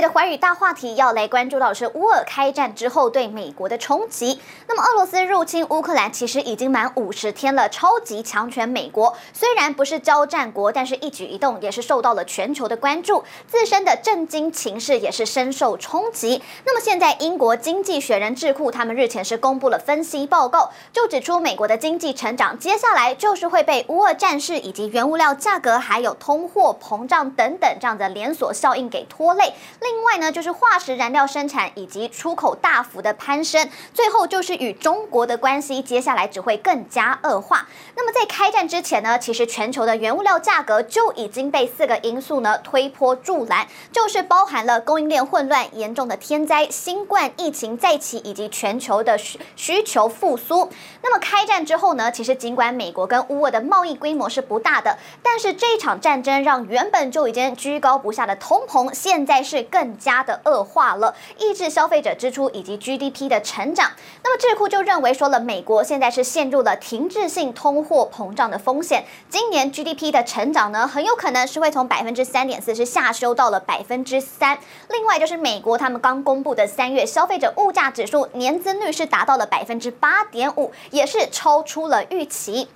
的寰宇大話題要來關注，到是烏俄開戰之後對美國的衝擊。那麼，俄羅斯入侵烏克蘭其實已經滿五十天了。超級強權美國雖然不是交戰國，但是一舉一動也是受到了全球的關注，自身的震驚情勢也是深受衝擊。那麼，現在英國經濟學人智庫他們日前是公布了分析報告，就指出美國的經濟成長接下來就是會被烏俄戰事以及原物料價格還有通貨膨脹等等這樣的連鎖效應給拖累。另外呢，就是化石燃料生產以及出口大幅的攀升，最後就是與中國的關係，接下來只會更加惡化。那麼在開戰之前呢，其實全球的原物料價格就已經被四個因素呢推波助瀾，就是包含了供應鏈混亂、嚴重的天災、新冠疫情再起以及全球的需需求復甦。那麼開戰之後呢，其實儘管美國跟烏俄的貿易規模是不大的，但是這場戰爭讓原本就已經居高不下的通膨現在是更加的惡化了，抑制消費者支出以及 GDP 的成長。那麼智庫就認為，說了美國現在是陷入了停滯性通貨膨脹的風險。今年 GDP 的成長呢，很有可能是會從百分之三點四是下修到了百分之三。另外就是美國他們剛公布的三月消費者物價指數年增率是達到了百分之八點五，也是超出了預期。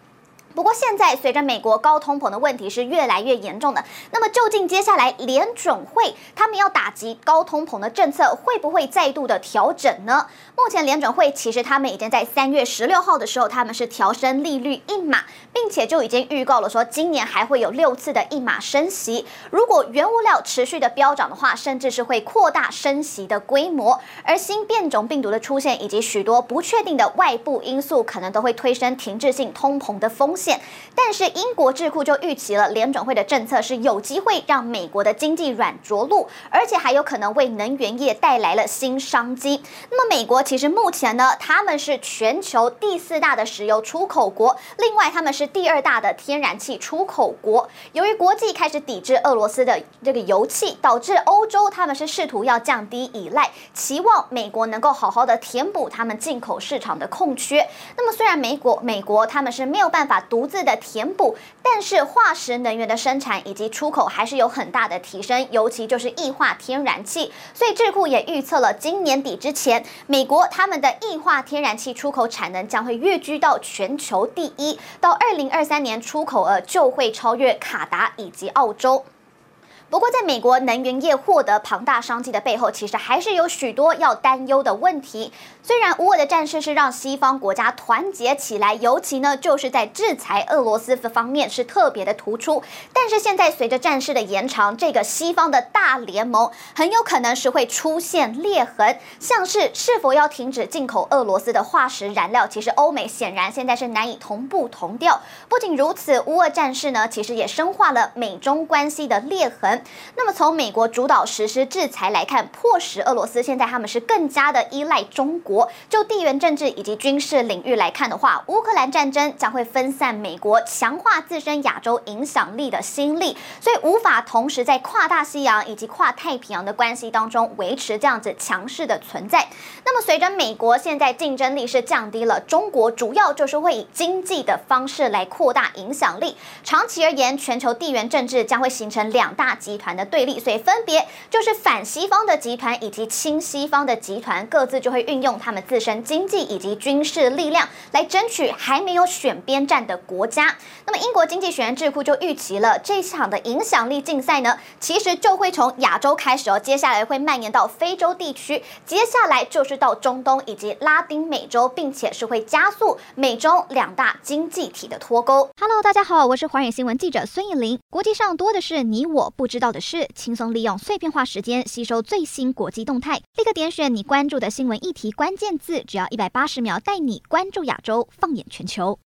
不過現在，隨着美國高通膨的問題是越來越嚴重的，那麼究竟接下來聯準會他們要打擊高通膨的政策會不會再度的調整呢？目前聯準會其實他們已經在三月十六號的時候，他們是調升利率一碼，並且就已經預告了說，今年還會有六次的一碼升息。如果原物料持續的飆漲的話，甚至是會擴大升息的規模。而新變種病毒的出現，以及許多不確定的外部因素，可能都會推升停滯性通膨的風險。現，但是英國智庫就預期了聯準會的政策是有機會讓美國的經濟軟着陸，而且還有可能為能源業帶來了新商機。那麼美國其實目前呢，他們是全球第四大的石油出口國，另外他們是第二大的天然氣出口國。由於國際開始抵制俄羅斯的這個油氣，導致歐洲他們是試圖要降低依賴，期望美國能夠好好的填補他們進口市場的空缺。那麼雖然美國、美國他們是沒有辦法。獨自的填補，但是化石能源的生產以及出口還是有很大的提升，尤其就是液化天然氣。所以智庫也預測了，今年底之前，美國他們的液化天然氣出口產能將會躍居到全球第一，到二零二三年出口額就會超越卡達以及澳洲。不過，在美國能源業獲得龐大商機的背後，其實還是有許多要擔憂的問題。雖然烏俄的戰事是讓西方國家團結起來，尤其呢就是在制裁俄羅斯方面是特別的突出。但是現在隨着戰事的延長，這個西方的大聯盟很有可能是會出現裂痕，像是是否要停止進口俄羅斯的化石燃料，其實歐美顯然現在是難以同步同調。不僅如此，烏俄戰事呢，其實也深化了美中關係的裂痕。那麼從美國主導實施制裁來看，迫使俄羅斯現在他們是更加的依賴中國。就地緣政治以及軍事領域來看的話，烏克蘭戰爭將會分散美國強化自身亞洲影響力的心力，所以無法同時在跨大西洋以及跨太平洋的關係當中維持這樣子強勢的存在。那麼隨着美國現在競爭力是降低了，中國主要就是會以經濟的方式來擴大影響力。長期而言，全球地緣政治將會形成兩大極。集團的對立，所以分別就是反西方的集團以及親西方的集團，各自就會運用他們自身經濟以及軍事力量來爭取還沒有選邊站的國家。那麼英國經濟學人智庫就預期了，這場的影響力競賽呢，其實就會從亞洲開始哦，接下來會蔓延到非洲地區，接下來就是到中東以及拉丁美洲，並且是會加速美中兩大經濟體的脫鈎。Hello，大家好，我是寰宇新聞記者孫藝林。國際上多的是你我不知。到的是輕鬆利用碎片化時間吸收最新國際動態，立刻點選你關注的新聞議題關鍵字，只要一百八十秒帶你關注亞洲，放眼全球。